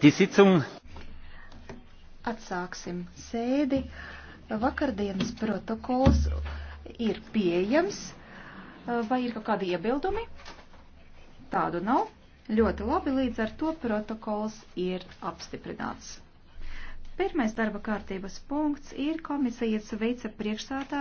Atsāksim sēdi. Vakardienas protokols ir pieejams. Vai ir kaut kādi iebildumi? Tādu nav. Ļoti labi, līdz ar to protokols ir apstiprināts. Pirmais darba kārtības punkts ir komisijas veica priekšsādā